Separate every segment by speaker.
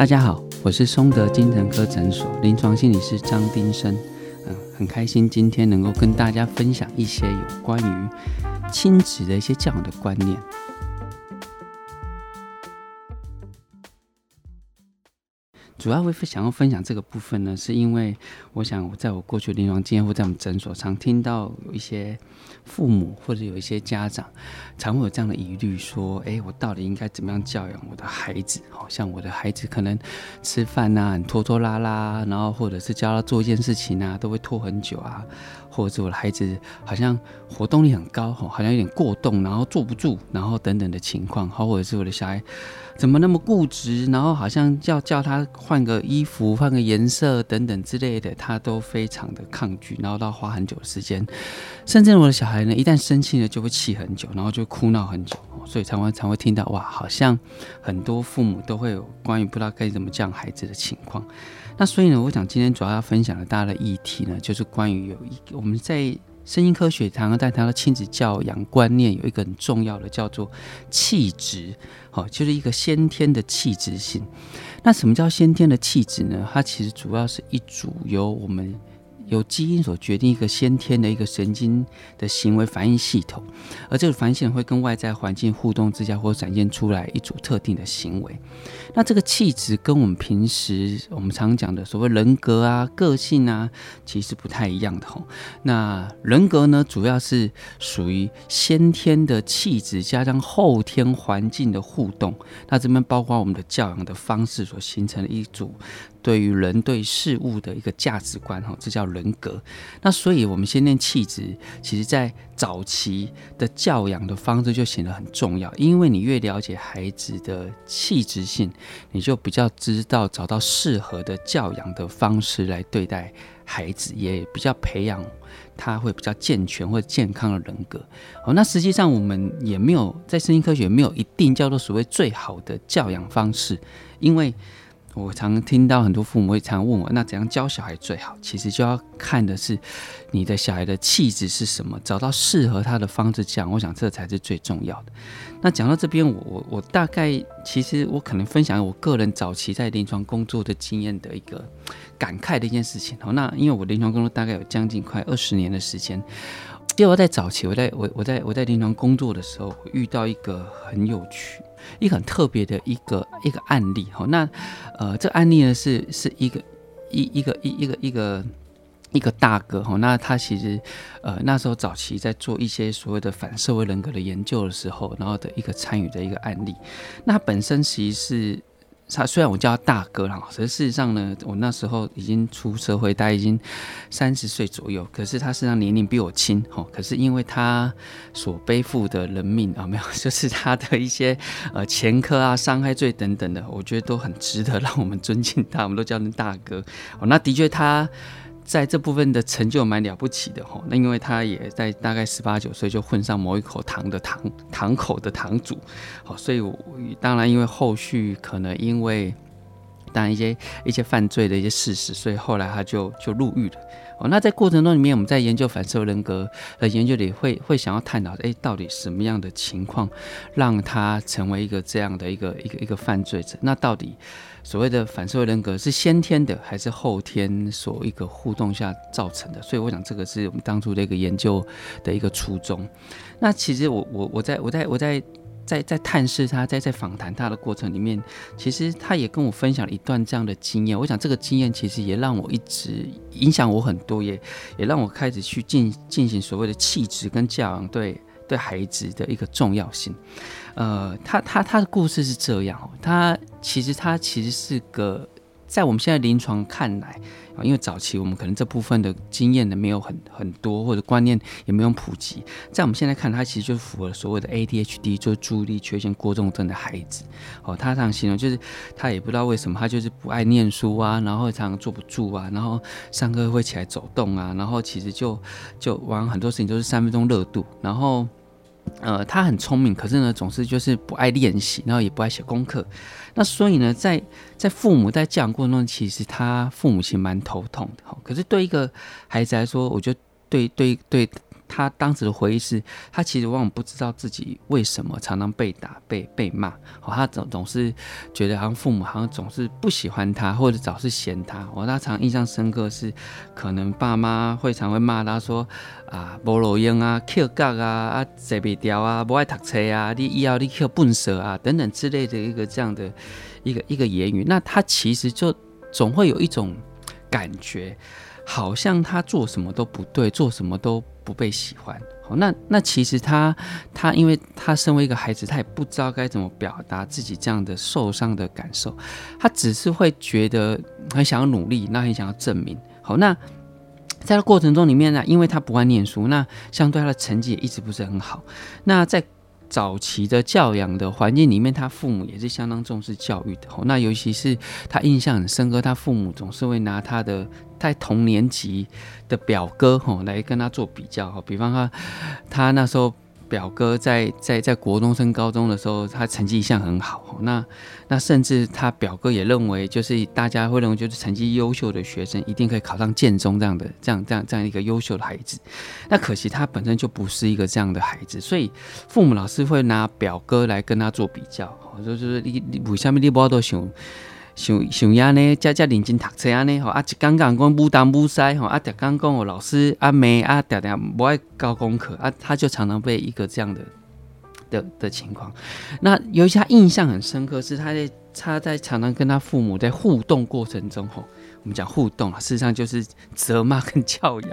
Speaker 1: 大家好，我是松德精神科診所臨床心理師張丁升，嗯，很開心今天能夠跟大家分享一些有關於親子的一些這樣的觀念。主要會想要分享這個部分呢，是因為我想，我在我過去臨床經驗，或在我們診所，常聽到有一些父母或者有一些家長，常會有這樣的疑慮：說，哎、欸，我到底應該怎麼樣教養我的孩子？好像我的孩子可能吃飯吶、啊、拖拖拉拉，然後或者是教他做一件事情吶、啊，都會拖很久啊，或者是我的孩子好像活動力很高，好像有點過動，然後坐不住，然後等等的情況，或者是我的小孩。怎麼那麼固執？然後好像叫叫他換個衣服，換個顏色等等之類的，他都非常的抗拒，然後都要花很久的時間。甚至我的小孩呢，一旦生氣呢，就會氣很久，然後就哭鬧很久，所以常會常常會聽到哇，好像很多父母都會有關於不知道該怎麼教孩子的情況。那所以呢，我想今天主要要分享的大家的議題呢，就是關於有一個我們在。聲音科學堂，但它的親子教養觀念有一個很重要的，叫做氣質，好，就是一個先天的氣質性。那什麼叫先天的氣質呢？它其實主要是一組由我們。由基因所決定一個先天的一個神經的行為反應系統，而這個反應系統會跟外在環境互動之下，或展現出來一組特定的行為。那這個氣質跟我們平時我們常講的所謂人格啊、個性啊，其實不太一樣的吼。那人格呢，主要是屬於先天的氣質，加上後天環境的互動。那這邊包括我們的教養的方式所形成的一組對於人對事物的一個價值觀，吼，這叫人。人格，那所以，我們先練氣質。其實，在早期的教養的方式就顯得很重要，因為你越了解孩子的氣質性，你就比較知道找到適合的教養的方式來對待孩子，也比較培養他會比較健全或健康的人格。哦，那實際上我們也沒有在身心科學沒有一定叫做所謂最好的教養方式，因為。我常聽到很多父母會常問我，那怎樣教小孩最好？其實就要看的是你的小孩的氣質是什麼，找到適合他的方式這樣。我想這才是最重要的。那講到這邊，我我我大概其實我可能分享我個人早期在臨床工作的經驗的一個感慨的一件事情。好，那因為我臨床工作大概有將近快二十年的時間。就我在早期，我在我我在我在臨床工作的時候，遇到一個很有趣、一個很特別的一個一個案例哈。那呃，這案例呢是是一個一個一個一個一個一個一個一個大哥哈。那他其實呃那時候早期在做一些所謂的反社會人格的研究的時候，然後的一個參與的一個案例。那本身其實是。他雖然我叫他大哥了，可是事實上呢，我那時候已經出社會，大概已經三十歲左右，可是他實際上年齡比我輕，吼，可是因為他所背負的人命啊、哦，沒有，就是他的一些呃前科啊、傷害罪等等的，我覺得都很值得讓我們尊敬他，我們都叫他大哥，哦，那的確他。在這部分的成就蠻了不起的哈，那因為他也在大概十八九歲就混上某一口堂的堂堂口的堂主，好，所以我當然因為後續可能因為當然一些一些犯罪的一些事實，所以後來他就就入獄了。哦，那在過程中裡面，我們在研究反社會人格的研究裡會，會會想要探討，哎、欸，到底什麼樣的情況讓他成為一個這樣的一個一個一個犯罪者？那到底所謂的反社會人格是先天的，還是後天所一個互動下造成的？所以，我想這個是我們當初的一個研究的一個初衷。那其實我我我在我在我在。我在我在我在在在探視他，在在訪談他的過程裡面，其實他也跟我分享了一段這樣的經驗。我想這個經驗其實也讓我一直影響我很多，也也讓我開始去進進行所謂的氣質跟教養對對孩子的一個重要性。呃，他他他的故事是這樣哦，他其實他其實是個。在我們現在臨床看來啊，因為早期我們可能這部分的經驗呢沒有很很多，或者觀念也沒有普及。在我們現在看，他其實就符合了所謂的 ADHD，就是注意力缺陷過動症的孩子。哦，他這樣形容就是他也不知道為什麼，他就是不愛念書啊，然後常常坐不住啊，然後上課會起來走動啊，然後其實就就玩很多事情都是三分鐘熱度，然後。呃，他很聰明，可是呢，總是就是不愛練習，然後也不愛寫功課。那所以呢，在在父母在教養過程中，其實他父母親蠻頭痛的。可是對一個孩子來說，我覺得對對對對。他當時的回憶是，他其實往往不知道自己為什麼常常被打、被被罵、哦。他總總是覺得好像父母好像總是不喜歡他，或者總是嫌他。我、哦、他常印象深刻是，可能爸媽會常會罵他說：“啊，無路用啊，Q 槓啊，啊，啊賊別刁啊，不愛讀書啊，你以後你去笨蛇啊，等等之類的一個這樣的一個一個言語。”那他其實就總會有一種感覺，好像他做什麼都不對，做什麼都。不被喜歡。好，那那其實他他，因為他身為一個孩子，他也不知道該怎麼表達自己這樣的受傷的感受，他只是會覺得很想要努力，那很想要證明。好，那在這過程中裡面呢，因為他不愛念書，那相對他的成績也一直不是很好。那在早期的教養的環境裡面，他父母也是相當重視教育的。那尤其是他印象很深刻，他父母總是會拿他的他在同年級的表哥吼來跟他做比較。吼，比方說他，他那時候。表哥在在在國中升高中的時候，他成績一向很好。那那甚至他表哥也認為，就是大家會認為，就是成績優秀的學生一定可以考上建中這樣的這樣這樣這樣一個優秀的孩子。那可惜他本身就不是一個這樣的孩子，所以父母老師會拿表哥來跟他做比較。就是你你為什麼你不多想？想想呀呢，遮遮認真讀書安尼吼，啊，一講講講不東不西吼，啊，一講講哦老師啊妹啊，常常不愛交功課，啊，他就常常被一個這樣的的的情況。那尤其他印象很深刻，是他在他在常常跟他父母在互動過程中吼。我們講互動啊，事實上就是責罵跟教養，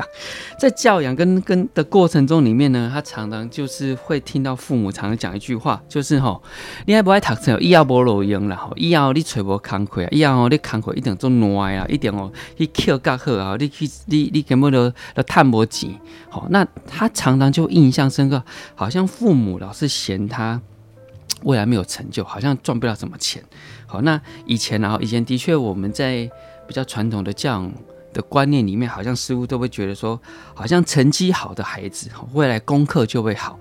Speaker 1: 在教養跟跟的過程中裡面呢，他常常就是會聽到父母常常講一句話，就是吼、喔，你還不愛讀書，以後無路用啦，以後你揣無工課啊，以後你工課一定做爛啊，一定哦去乞教課啊，你去你你根本都都趁無錢。好、喔，那他常常就印象深刻，好像父母老是嫌他未來沒有成就，好像賺不了什麼錢。好，那以前啊，以前的確我們在。比較傳統的這樣的觀念裡面，好像似乎都會覺得說，好像成績好的孩子未來功課就會好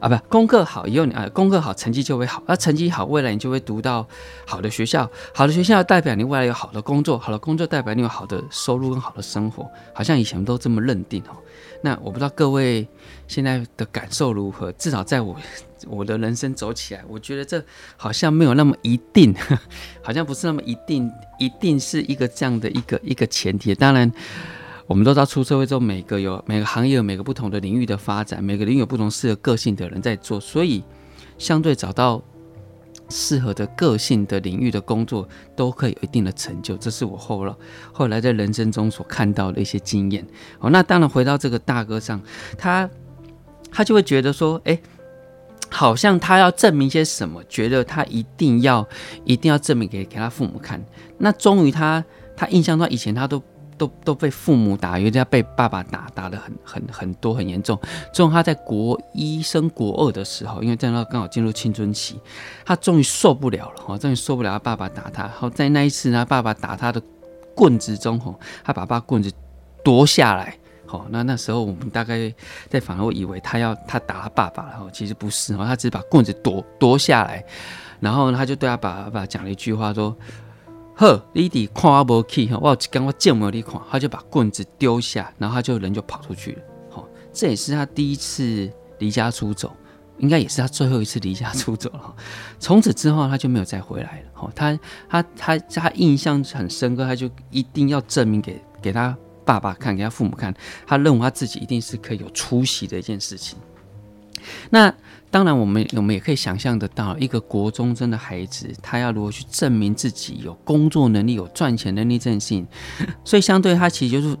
Speaker 1: 啊，不，功課好以後你啊，功課好成績就會好，那成績好未來你就會讀到好的學校，好的學校代表你未來有好的工作，好的工作代表你有好的收入跟好的生活，好像以前都這麼認定哦。那我不知道各位現在的感受如何，至少在我我的人生走起來，我覺得這好像沒有那麼一定，好像不是那麼一定，一定是一個這樣的一個一個前提。當然，我們都知道出社會之後，每個有每個行業有每個不同的領域的發展，每個領域有不同適合個性的人在做，所以相對找到。適合的個性的領域的工作，都可以有一定的成就。這是我後了後來在人生中所看到的一些經驗。哦，那當然回到這個大哥上，他他就會覺得說，誒、欸，好像他要證明些什麼，覺得他一定要一定要證明給給他父母看。那終於他他印象中以前他都。都都被父母打，因為他被爸爸打，打得很很很多，很嚴重。最後他在國一升國二的時候，因為那時剛好進入青春期，他終於受不了了，哦，終於受不了他爸爸打他。然後在那一次，他爸爸打他的棍子中，他把把棍子奪下來。那那時候我們大概在反而以為他要他打他爸爸，然後其實不是，他只是把棍子奪奪下來，然後他就對他爸爸講了一句話，說。呵，弟弟看阿伯 key，哇，我有一天我給你看，他就把棍子丟下，然後他就人就跑出去了。好、哦，這也是他第一次離家出走，應該也是他最後一次離家出走了、哦。從此之後，他就沒有再回來了。好、哦，他他他他，他印象很深刻，他就一定要證明給給他爸爸看，給他父母看，他認為他自己一定是可以有出息的一件事情。那。當然，我們我們也可以想象得到，一個國中生的孩子，他要如何去證明自己有工作能力、有賺錢能力這些，所以相對他其實就是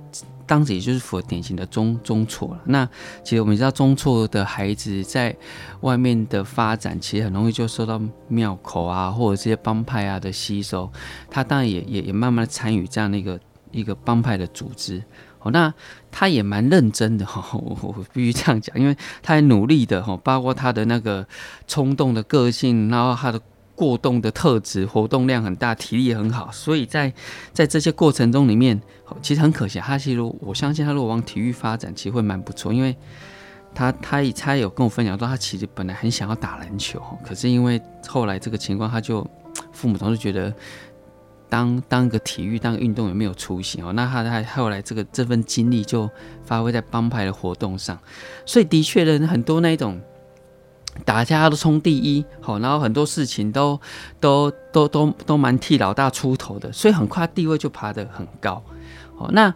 Speaker 1: 當時也就是符合典型的中中輟了。那其實我們知道，中輟的孩子在外面的發展，其實很容易就受到廟口啊或者這些幫派啊的吸收。他當然也也也慢慢的參與這樣的一個一個幫派的組織。哦，那他也蠻認真的吼，我我必須這樣講，因為他也努力的吼，包括他的那個衝動的個性，然後他的過動的特質，活動量很大，體力也很好，所以在在這些過程中裡面，其實很可惜，他其實我相信他如果往體育發展，其實會蠻不錯，因為他他，他也他有跟我分享說，他其實本來很想要打籃球，可是因為後來這個情況，他就父母總是覺得。當當一個體育當運動員沒有出息哦、喔，那他他後來這個這份經歷就發揮在幫派的活動上，所以的確人很多那種，打架都衝第一，好、喔，然後很多事情都都都都都蠻替老大出頭的，所以很快地位就爬得很高。喔、那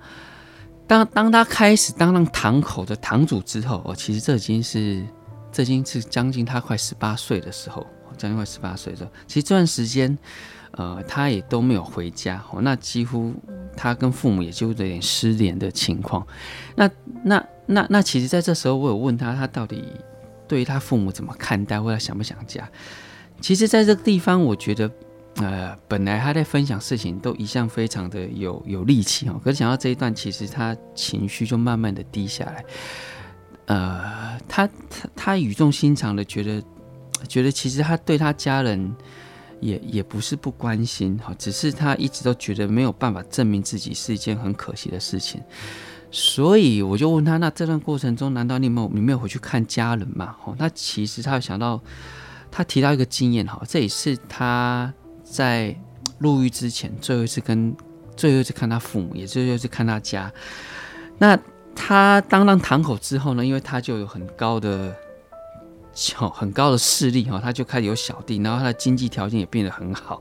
Speaker 1: 當當他開始當上堂口的堂主之後，哦、喔，其實這已經是這已經是將近他快十八歲的時候，將近快十八歲的時候，其實這段時間。呃，他也都沒有回家，那幾乎他跟父母也就有點失聯的情況。那那那那，那那其實在這時候，我有問他，他到底對於他父母怎麼看待，或者想不想家？其實，在這個地方，我覺得，呃，本來他在分享事情都一向非常的有有力氣，可是想到這一段，其實他情緒就慢慢的低下來。呃，他他他語重心長的覺得，覺得其實他對他家人，也也不是不關心哈，只是他一直都覺得沒有辦法證明自己是一件很可惜的事情，所以我就問他，那這段過程中，難道你有沒有你沒有回去看家人嗎？哈，那其實他有想到，他提到一個經驗哈，這也是他在入獄之前最後一次跟最後一次看他父母，也最後一次看他家。那他當當堂口之後呢，因為他就有很高的。哦，很高的勢力哈，他就開始有小弟，然後他的經濟條件也變得很好。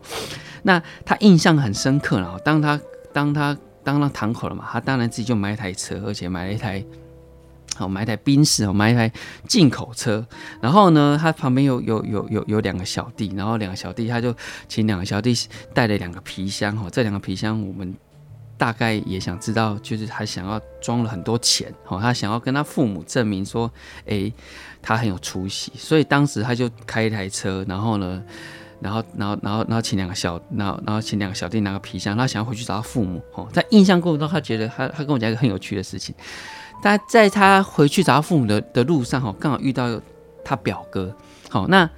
Speaker 1: 那他印象很深刻，然後當他當他當到堂口了嘛，他當然自己就買一台車，而且買了一台，好買一台賓士哦，買一台進口車。然後呢，他旁邊有有有有有兩個小弟，然後兩個小弟他就請兩個小弟帶了兩個皮箱哈，這兩個皮箱我們。大概也想知道，就是他想要裝了很多錢，哦，他想要跟他父母證明說，哎、欸，他很有出息。所以當時他就開一台車，然後呢，然後，然後，然後，然後請兩個小，然後，然後請兩個小弟拿個皮箱，他想要回去找他父母。哦，在印象過程中，他覺得他他跟我講一個很有趣的事情。他在他回去找他父母的的路上，哈，剛好遇到他表哥。好，那。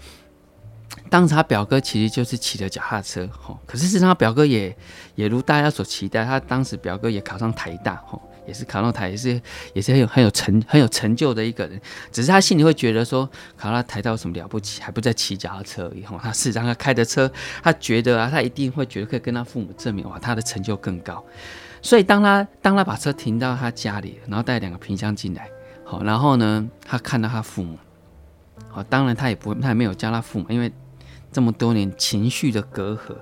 Speaker 1: 當時他表哥其實就是騎着腳踏車，吼、哦！可是事實上，他表哥也也如大家所期待，他當時表哥也考上台大，吼、哦！也是考上台，也是也是很有很有成很有成就的一個人。只是他心裡會覺得說，考到台大有什麼了不起？還不在騎腳踏車而已，吼、哦！他事實上他開著車，他覺得啊，他一定會覺得可以跟他父母證明，哇，他的成就更高。所以當他當他把車停到他家裡，然後帶兩個皮箱進來，好、哦，然後呢，他看到他父母，好、哦，當然他也不會他也沒有叫他父母，因為。這麼多年情緒的隔閡，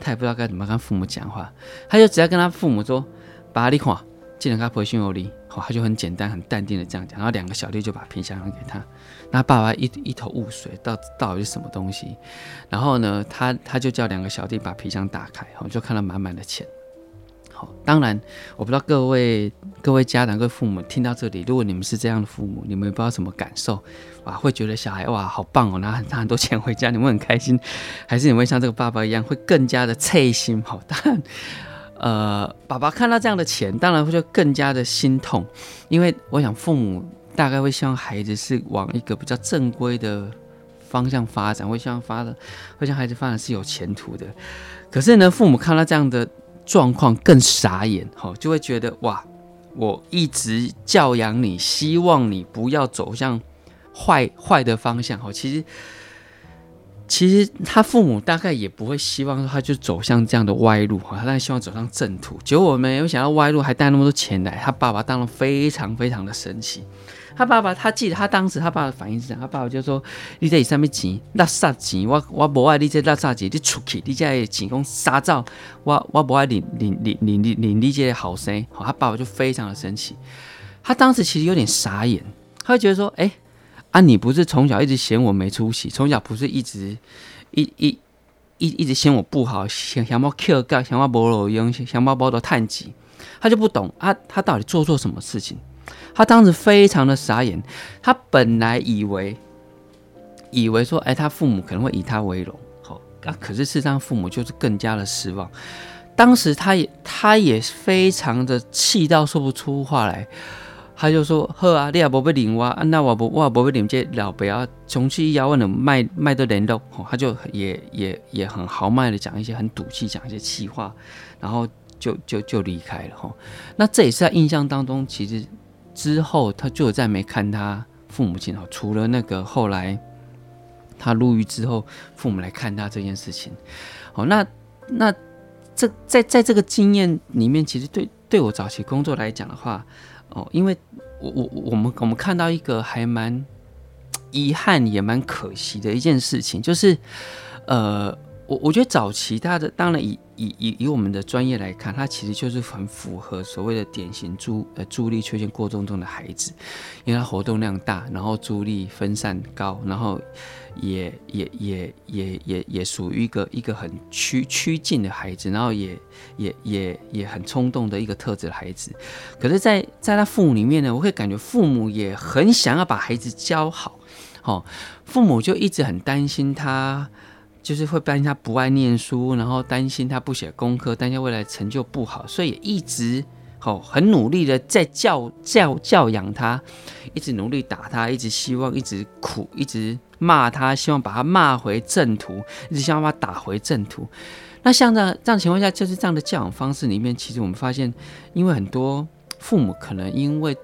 Speaker 1: 他也不知道該怎麼跟父母講話，他就直接跟他父母說，爸你看，竟然他培訓有流利，哦，他就很簡單很淡定的這樣講，然後兩個小弟就把皮箱扔給他，那爸爸一一頭霧水，到底到底是什麼東西？然後呢，他他就叫兩個小弟把皮箱打開，哦，就看到滿滿的錢。當然，我不知道各位各位家長、各位父母聽到這裡，如果你們是這樣的父母，你們也不知道什麼感受哇？會覺得小孩哇好棒哦，拿，拿很多錢回家，你們很開心，還是你會像這個爸爸一樣，會更加的切心好？當然呃，爸爸看到這樣的錢，當然會就更加的心痛，因為我想父母大概會希望孩子是往一個比較正規的方向發展，會希望發展，會向孩子發展是有前途的。可是呢，父母看到這樣的。狀況更傻眼，就會覺得哇，我一直教養你，希望你不要走向壞壞的方向。其實其實他父母大概也不會希望說他就走向這樣的歪路，好他當然希望走上正途，結果我沒有想到歪路還帶那麼多錢來，他爸爸當然非常非常的生氣。他爸爸，他記得他當時他爸爸的反應是啥？他爸爸就說：“你這是啥物錢？垃圾錢！我我無愛你這垃圾錢，你出去！你這些錢講沙造，我我無愛你你你你你你這後生！”好，他爸爸就非常的生氣。他當時其實有點傻眼，他就覺得說：“哎、欸、啊，你不是從小一直嫌我沒出息，從小不是一直一一一一,一直嫌我不好，嫌嫌我窮干，嫌我無路用，嫌嫌我跑到太急。”他就不懂，啊，他到底做錯什麼事情？他當時非常的傻眼，他本來以為，以為說，哎、欸，他父母可能會以他為榮，吼、喔，那、啊、可是事實上父母就是更加的失望。當時他也，他也非常的氣到說不出話來，他就說，好啊，你也不被領啊，那我不，我不被領這老表啊，窮氣一窯我能賣賣得連肉，吼、喔，他就也也也很豪邁的講一些很賭氣，講一些氣話，然後就就就離開了，吼、喔，那這也是他印象當中其實。之後，他就再沒看他父母親哦，除了那個後來他入獄之後，父母來看他這件事情，哦，那那這在在這個經驗裡面，其實對對我早期工作來講的話，哦，因為我我我們我們看到一個還蠻遺憾也蠻可惜的一件事情，就是呃。我我覺得早期他的，當然以以以以我們的專業來看，他其實就是很符合所謂的典型注呃注意力缺陷過動症的孩子，因為他活動量大，然後注意力分散高，然後也也也也也也屬於一個一個很趨趨近的孩子，然後也也也也很衝動的一個特質的孩子。可是在，在在他父母裡面呢，我會感覺父母也很想要把孩子教好，哦，父母就一直很擔心他。就是會擔心他不愛念書，然後擔心他不寫功課，擔心未來成就不好，所以也一直哦很努力的在教教教養他，一直努力打他，一直希望一直苦，一直罵他，希望把他罵回正途，一直希望把他打回正途。那像這樣這樣的情況下，就是這樣的教養方式裡面，其實我們發現，因為很多父母可能因為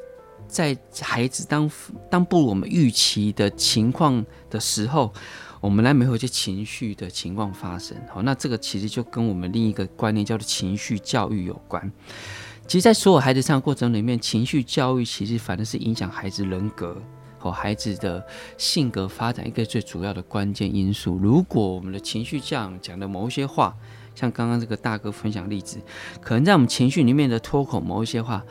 Speaker 1: 在孩子當當不如我們預期的情況的時候。我們來沒有一些情緒的情況發生，好，那這個其實就跟我們另一個觀念叫做情緒教育有關。其實，在所有孩子成長過程裡面，情緒教育其實反而是影響孩子人格和孩子的性格發展一個最主要的關鍵因素。如果我們的情緒這樣講的某一些話，像剛剛這個大哥分享的例子，可能在我們情緒裡面的脫口某一些話。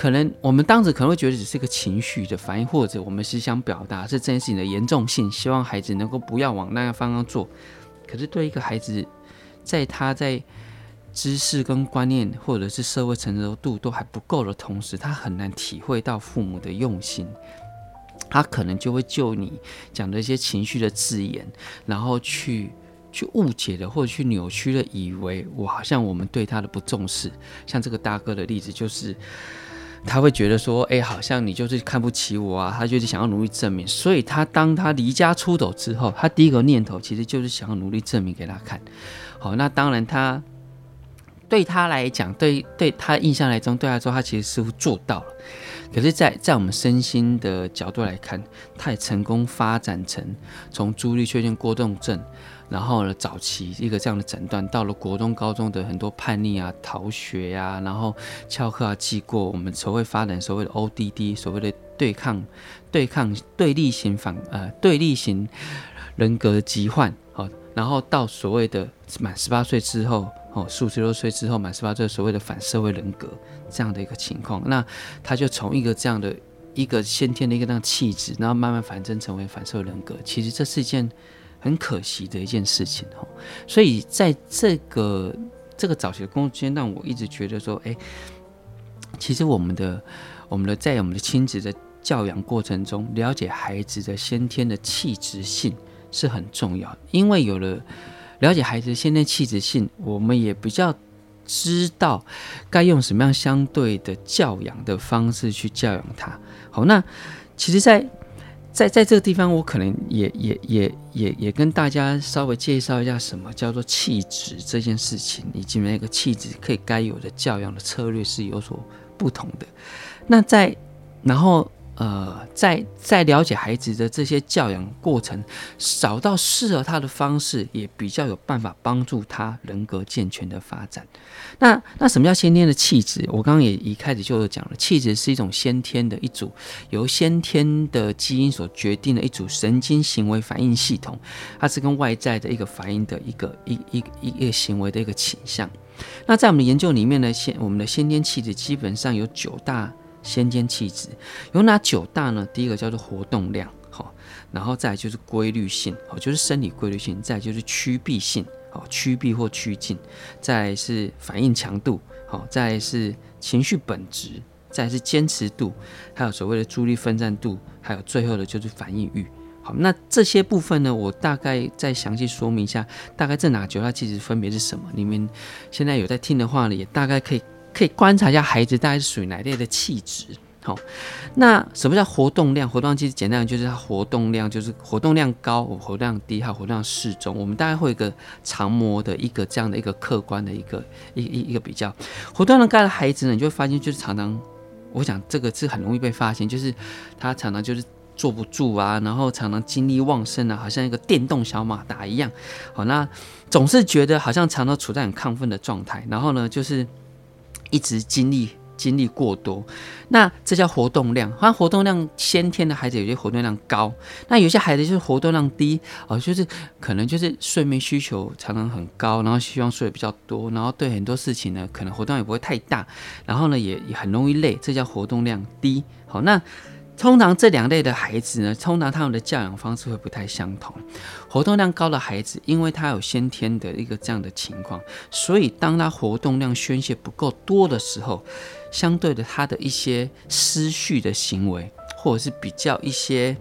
Speaker 1: 可能我們當時可能會覺得只是個情緒的反應，或者我們是想表達這這件事情的嚴重性，希望孩子能夠不要往那個方向做。可是對一個孩子，在他在知識跟觀念，或者是社會成熟度都還不夠的同時，他很難體會到父母的用心。他可能就會就你講的一些情緒的字眼，然後去去誤解的，或者去扭曲的，以為我好像我們對他的不重視。像這個大哥的例子就是。他會覺得說，哎，好像你就是看不起我啊。他就是想要努力證明，所以他當他離家出走之後，他第一個念頭其實就是想要努力證明給他看。好、哦，那當然他，他對他來講，對對他印象來中，對他來說，他其實似乎做到了。可是在，在在我們身心的角度來看，他也成功發展成從注意力缺陷過動症。然後呢，早期一個這樣的診斷，到了國中、高中的很多叛逆啊、逃學呀、啊，然後翹課啊、記過，我們所謂發展所謂的 ODD，所謂的對抗、對抗、對立型反呃對立型人格疾患，好、哦，然後到所謂的滿十八歲之後，哦，十五六歲之後，滿十八歲所謂的反社會人格這樣的一個情況，那他就從一個這樣的一個先天的一個那樣氣質，然後慢慢反正成為反社會人格。其實這是一件。很可惜的一件事情哦，所以在這個這個早期的工作階段，我一直覺得說，哎、欸，其實我們的我們的在我們的親子的教養過程中，了解孩子的先天的氣質性是很重要的，因為有了了解孩子先天氣質性，我們也比較知道該用什麼樣相對的教養的方式去教養他。好，那其實，在在在這個地方，我可能也也也也也，也跟大家稍微介紹一下什麼叫做氣質這件事情，以及那個氣質可以該有的教養的策略是有所不同的。那在然後。呃，在在了解孩子的這些教養過程，找到適合他的方式，也比較有辦法幫助他人格健全的發展。那那什麼叫先天的氣質？我剛剛也一開始就有講了，氣質是一種先天的一組，由先天的基因所決定的一組神經行為反應系統，它是跟外在的一個反應的一個一一一個行為的一個傾向。那在我們的研究裡面呢，先我們的先天氣質基本上有九大。先天氣質有哪九大呢？第一個叫做活動量，好，然後再就是規律性，好，就是生理規律性；再就是趨避性，好，趨避或趨近；再是反應強度，好，再是情緒本質；再是堅持度，還有所謂的注意力分散度；還有最後的就是反應慾。好，那這些部分呢，我大概再詳細說明一下，大概這哪九大氣質分別是什麼？你們現在有在聽的話呢，呢也大概可以。可以觀察一下孩子大概是屬於哪類的氣質。好，那什麼叫活動量？活動量其實簡單的就是它活動量就是活動量高、活動量低還有活動量適中。我們大概會有一個常模的一個這樣的一個客觀的一個一一一,一個比較。活動量高的孩子呢，你就會發現就是常常，我想這個是很容易被發現，就是他常常就是坐不住啊，然後常常精力旺盛啊，好像一個電動小馬達一樣。好，那總是覺得好像常常處在很亢奮的狀態，然後呢就是。一直精力精力過多，那這叫活動量。反正活動量，先天的孩子有些活動量高，那有些孩子就是活動量低，哦，就是可能就是睡眠需求常常很高，然後希望睡得比較多，然後對很多事情呢，可能活動也不會太大，然後呢也也很容易累，這叫活動量低。好，那。通常這兩類的孩子呢，通常他們的教養方式會不太相同。活動量高的孩子，因為他有先天的一個這樣的情況，所以當他活動量宣泄不夠多的時候，相對的他的一些失序的行為，或者是比較一些。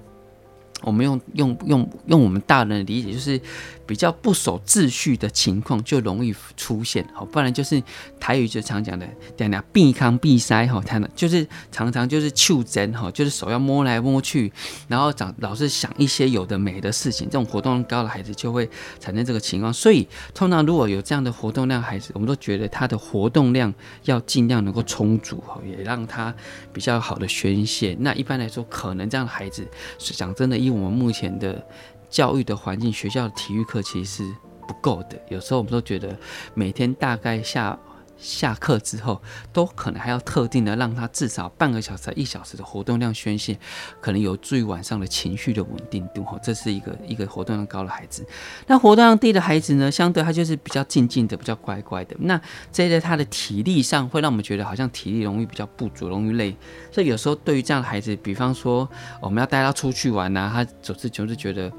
Speaker 1: 我們用用用用我們大人的理解，就是比較不守秩序的情況就容易出現，好，不然就是台語就常講的，講講避坑避塞哈，他就是常常就是揪針哈，就是手要摸來摸去，然後長老是想一些有的沒的事情，這種活動高的孩子就會產生這個情況，所以通常如果有這樣的活動量孩子，我們都覺得他的活動量要儘量能夠充足哈，也讓他比較好的宣泄。那一般來說，可能這樣的孩子是講真的。一我們目前的教育的環境，學校的體育課其實是不夠的。有時候我們都覺得，每天大概下。下課之後，都可能還要特定的讓他至少半個小時、一小時的活動量宣泄，可能有助於晚上的情緒的穩定度。這是一個一個活動量高的孩子。那活動量低的孩子呢，相對他就是比較靜靜的，比較乖乖的。那這在他的體力上，會讓我們覺得好像體力容易比較不足，容易累。所以有時候對於這樣的孩子，比方說我們要帶他出去玩吶、啊，他總是總是覺得。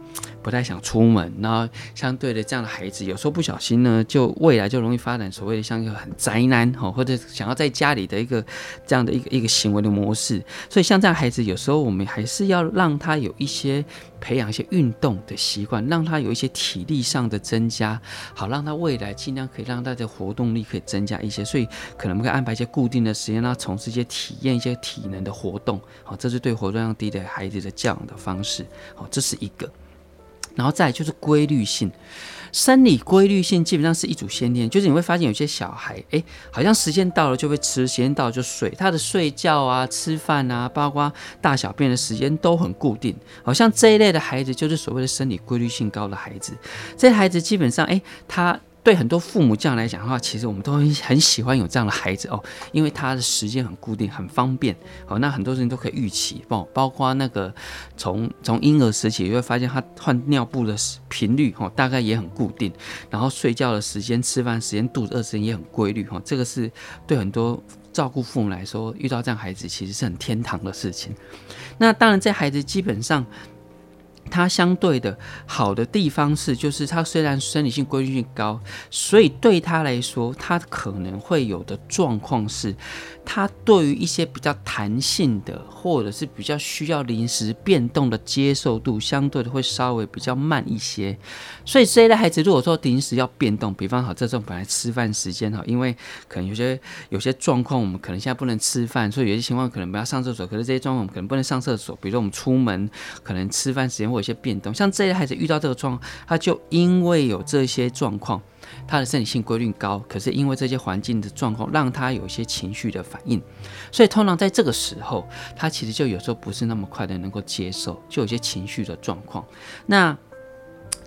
Speaker 1: 不太想出門，然後相對的這樣的孩子，有時候不小心呢，就未來就容易發展所謂的像一個很宅男哦，或者想要在家裡的一個這樣的一個一個行為的模式。所以像這樣的孩子，有時候我們還是要讓他有一些培養一些運動的習慣，讓他有一些體力上的增加，好讓他未來儘量可以讓他的活動力可以增加一些。所以可能可以安排一些固定的時間，讓他從事一些體驗一些體能的活動。好，這是對活動量低的孩子的教養的方式。好，這是一個。然後再就是規律性，生理規律性基本上是一組先天，就是你會發現有些小孩，哎，好像時間到了就會吃，時間到了就睡，他的睡覺啊、吃飯啊，包括大小便的時間都很固定，好像這一類的孩子就是所謂的生理規律性高的孩子，這些孩子基本上，哎，他。對很多父母這樣來講的話，其實我們都很很喜歡有這樣的孩子哦，因為他的時間很固定，很方便哦。那很多事情都可以預期，包包括那個從從嬰兒時期，你會發現他換尿布的頻率哈、哦，大概也很固定。然後睡覺的時間、吃飯時間、肚子餓時間也很規律哈、哦。這個是對很多照顧父母來說，遇到這樣孩子其實是很天堂的事情。那當然，這孩子基本上。他相對的好的地方是，就是他雖然生理性規律性高，所以對他來說，他可能會有的狀況是，他對於一些比較彈性的，或者是比較需要臨時變動的接受度，相對的會稍微比較慢一些。所以這些孩子，如果說臨時要變動，比方好，這種本來吃飯時間哈，因為可能有些有些狀況，我們可能現在不能吃飯，所以有些情況可能不要上廁所。可是這些狀況我們可能不能上廁所，比如說我們出門，可能吃飯時間或有些變動，像這些孩子遇到這個狀況，他就因為有這些狀況，他的生理性規律高，可是因為這些環境的狀況，讓他有一些情緒的反應，所以通常在這個時候，他其實就有時候不是那麼快的能夠接受，就有些情緒的狀況。那。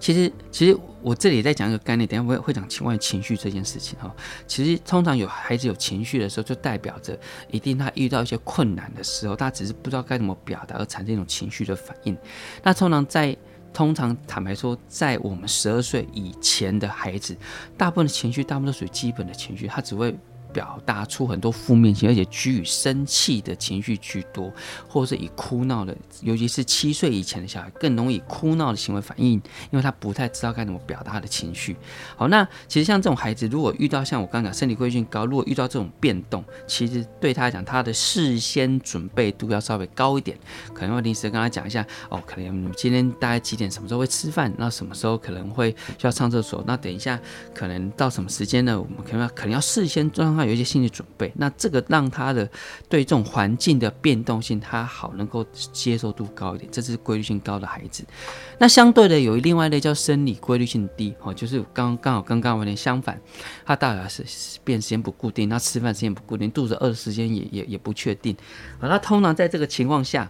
Speaker 1: 其實，其實我這裡在講一個概念，等下我也會講關於情緒這件事情哈。其實，通常有孩子有情緒的時候，就代表着一定他遇到一些困難的時候，他只是不知道該怎麼表達而產生一種情緒的反應。那通常在通常坦白說，在我們十二歲以前的孩子，大部分的情緒大部分都屬於基本的情緒，他只會。表達出很多負面情緒，而且居於生氣的情緒居多，或者是以哭鬧的，尤其是七歲以前的小孩，更容易哭鬧的行為反應，因為他不太知道該怎麼表達他的情緒。好，那其實像這種孩子，如果遇到像我剛剛講身體規訓高，如果遇到這種變動，其實對他來講，他的事先準備度要稍微高一點，可能會臨時跟他講一下哦，可能你們今天大概幾點什麼時候會吃飯？那什麼時候可能會就要上廁所？那等一下可能到什麼時間呢？我們可能要可能要事先做有一些心理準備，那這個讓他的對這種環境的變動性，他好能夠接受度高一點，這是規律性高的孩子。那相對的有另外一類叫生理規律性低，哦，就是剛剛好跟剛剛完全相反，他大概是變時間不固定，他吃飯時間不固定，肚子餓的時間也也也不確定，啊，他通常在這個情況下。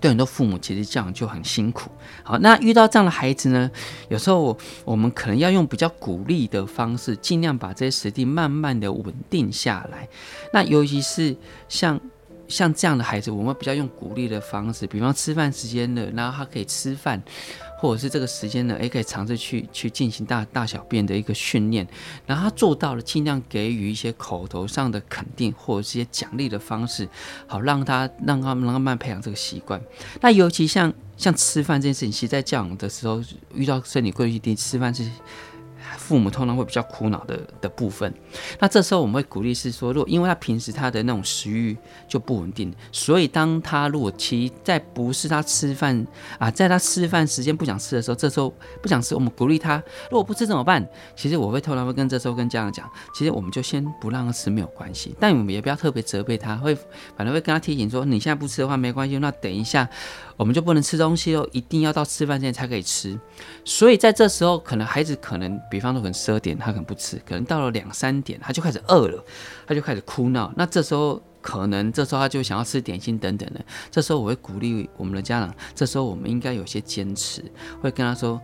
Speaker 1: 對很多父母，其實這樣就很辛苦。好，那遇到這樣的孩子呢，有時候我們可能要用比較鼓勵的方式，盡量把這些事情慢慢的穩定下來。那尤其是像像這樣的孩子，我們比較用鼓勵的方式，比方吃飯時間了，然後他可以吃飯。或者是這個時間呢，也可以嘗試去去進行大大小便的一個訓練，然後他做到了，盡量給予一些口頭上的肯定或者是一些獎勵的方式，好讓他讓他，讓他慢慢培養這個習慣。那尤其像像吃飯這件事情，其實在教養的時候遇到生理規律一定吃飯是，父母通常會比較苦惱的的部分，那這時候我們會鼓勵是說，如果因為他平時他的那種食欲就不穩定，所以當他如果其在不是他吃飯啊，在他吃飯時間不想吃的時候，這時候不想吃，我們鼓勵他，如果不吃怎麼辦？其實我會通常會跟這時候跟家長講，其實我們就先不讓他吃沒有關係，但我們也不要特別責備他，會反正會跟他提醒說，你現在不吃的話沒關係，那等一下我們就不能吃東西哦，一定要到吃飯之前才可以吃。所以在這時候，可能孩子可能比方說。很十二點，他可能不吃，可能到了兩三點，他就開始餓了，他就開始哭鬧。那這時候可能這時候他就想要吃點心等等的。這時候我會鼓勵我們的家長，這時候我們應該有些堅持，會跟他說，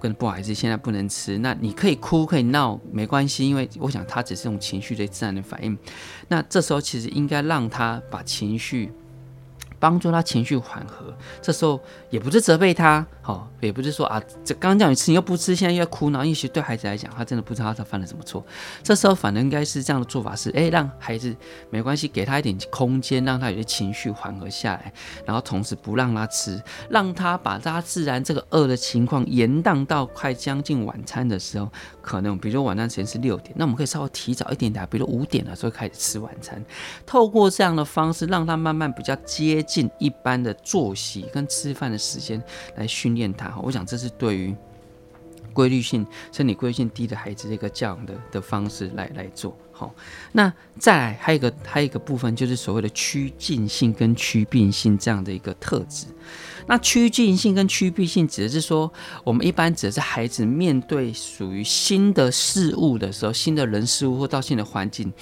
Speaker 1: 跟不好意思，現在不能吃。那你可以哭可以鬧，沒關係，因為我想他只是一種情緒的自然的反應。那這時候其實應該讓他把情緒。幫助他情緒緩和，這時候也不是責備他，好，也不是說啊，這剛剛叫你吃你又不吃，現在又要哭鬧。因為其實對孩子來講，他真的不知道他犯了什麼錯。這時候，反正應該是這樣的做法是：哎，讓孩子沒關係，給他一點空間，讓他有些情緒緩和下來。然後同時不讓他吃，讓他把他自然這個餓的情況延宕到快將近晚餐的時候。可能比如說晚餐時間是六點，那我們可以稍微提早一點點，比如五點的時候開始吃晚餐。透過這樣的方式，讓他慢慢比較接近。進一般的作息跟吃飯的時間來訓練他哈，我想這是對於規律性生理規律性低的孩子的一個教養的、的方式來來做。好，那再來還有一個還有一個部分就是所謂的趨近性跟趨避性這樣的一個特質。那趨近性跟趨避性指的是說，我們一般指的是孩子面對屬於新的事物的時候，新的人事物或到新的環境。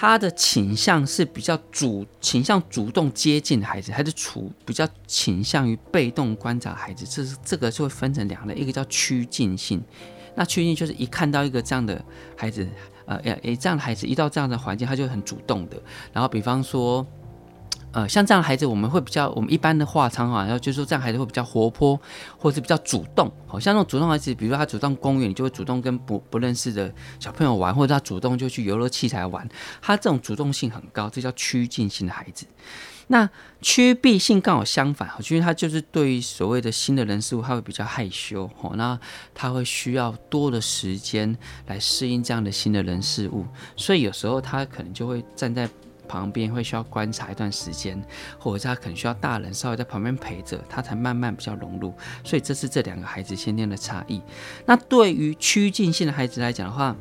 Speaker 1: 他的傾向是比較主傾向主動接近孩子，還是處比較傾向於被動觀察孩子？這是這個就會分成兩類，一個叫趨近性，那趨近就是一看到一個這樣的孩子，呃，誒、欸欸、這樣的孩子一到這樣的環境，他就很主動的。然後，比方說。呃，像這樣的孩子，我們會比較我們一般的話，常常然後就是說，這樣的孩子會比較活潑，或者是比較主動。好像那種主動孩子，比如說他主動公園，你就會主動跟不不認識的小朋友玩，或者他主動就去遊樂器材玩，他這種主動性很高，這叫趨近性的孩子。那趨避性剛好相反，其實他就是對於所謂的新的人事物，他會比較害羞。哦，那他會需要多的時間來適應這樣的新的人事物，所以有時候他可能就會站在。旁邊會需要觀察一段時間，或者他可能需要大人稍微在旁邊陪着他，才慢慢比較融入。所以這是這兩個孩子先天的差異。那對於趨近性的孩子來講的話，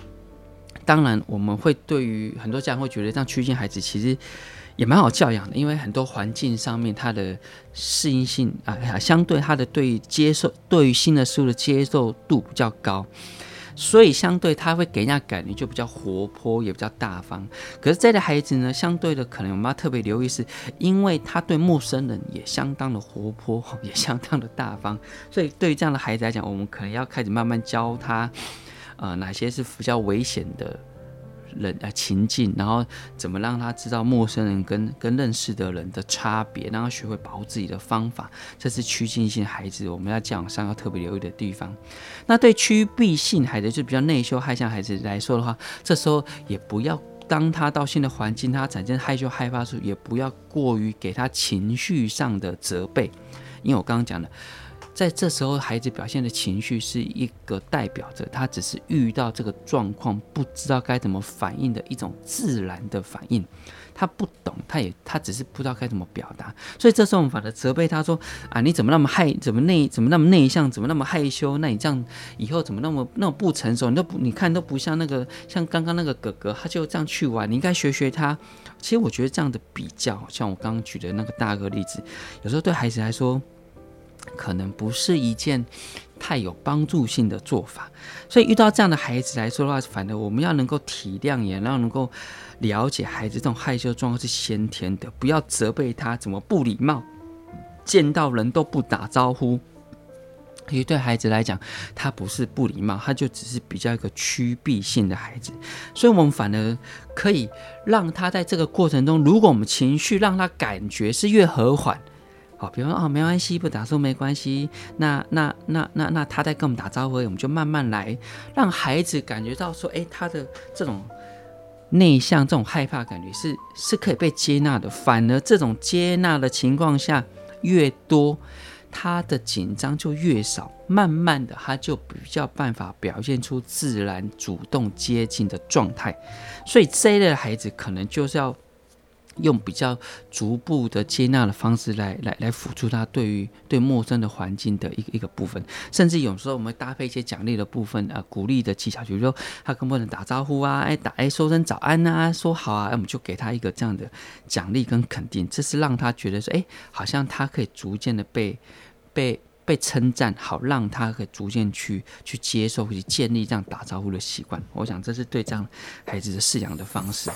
Speaker 1: 當然我們會對於很多家長會覺得，這樣趨近孩子其實也蠻好教養的，因為很多環境上面他的適應性啊，相對他的對於接受、對於新的事物的接受度比較高。所以相對他會給人家感覺就比較活潑，也比較大方。可是這類孩子呢，相對的可能我們要特別留意，是因為他對陌生人也相當的活潑，也相當的大方。所以對於這樣的孩子來講，我們可能要開始慢慢教他，呃，哪些是比較危險的。人啊，情境，然後怎麼讓他知道陌生人跟跟認識的人的差別，讓他學會保護自己的方法，這是趨近性孩子我們要講上要特別留意的地方。那對趨避性孩子，就比較內向害羞孩子來說的話，這時候也不要當他到新的環境，他產生害羞害怕的時候，也不要過於給他情緒上的責備，因為我剛剛講的。在這時候，孩子表現的情緒是一個代表着他只是遇到這個狀況，不知道該怎麼反應的一種自然的反應。他不懂，他也他只是不知道該怎麼表達。所以這時候我們把它責備他說：“啊，你怎麼那麼害？怎麼內？怎麼那麼內向？怎麼那麼害羞？那你這樣以後怎麼那麼那麼不成熟？你都不你看都不像那個像剛剛那個哥哥，他就這樣去玩，你應該學學他。”其實我覺得這樣的比較，像我剛剛舉的那個大哥例子，有時候對孩子來說。可能不是一件太有幫助性的做法，所以遇到這樣的孩子來說的話，反而我們要能夠體諒，也然後能夠了解孩子這種害羞狀況是先天的，不要責備他怎麼不禮貌，見到人都不打招呼。因為對孩子來講，他不是不禮貌，他就只是比較一個趨避性的孩子，所以我們反而可以讓他在這個過程中，如果我們情緒讓他感覺是越和緩。哦，比方說啊、哦，沒關係，不打輸沒關係。那那那那那，那那那他在跟我們打招呼，我們就慢慢來，讓孩子感覺到說，哎、欸，他的這種內向、這種害怕感覺是是可以被接納的。反而這種接納的情況下越多，他的緊張就越少，慢慢的他就比較辦法表現出自然、主動接近的狀態。所以這一類的孩子可能就是要。用比較逐步的接納的方式來來來輔助他對於對陌生的環境的一個一個部分，甚至有時候我們搭配一些獎勵的部分，啊、呃，鼓勵的技巧，比如說他跟陌生人打招呼啊，哎打哎說聲早安吶、啊，說好啊，我們就給他一個這樣的獎勵跟肯定，這是讓他覺得說哎、欸，好像他可以逐漸的被被被稱讚，好讓他可以逐漸去去接受去建立這樣打招呼的習慣。我想這是對這樣孩子的飼養的方式。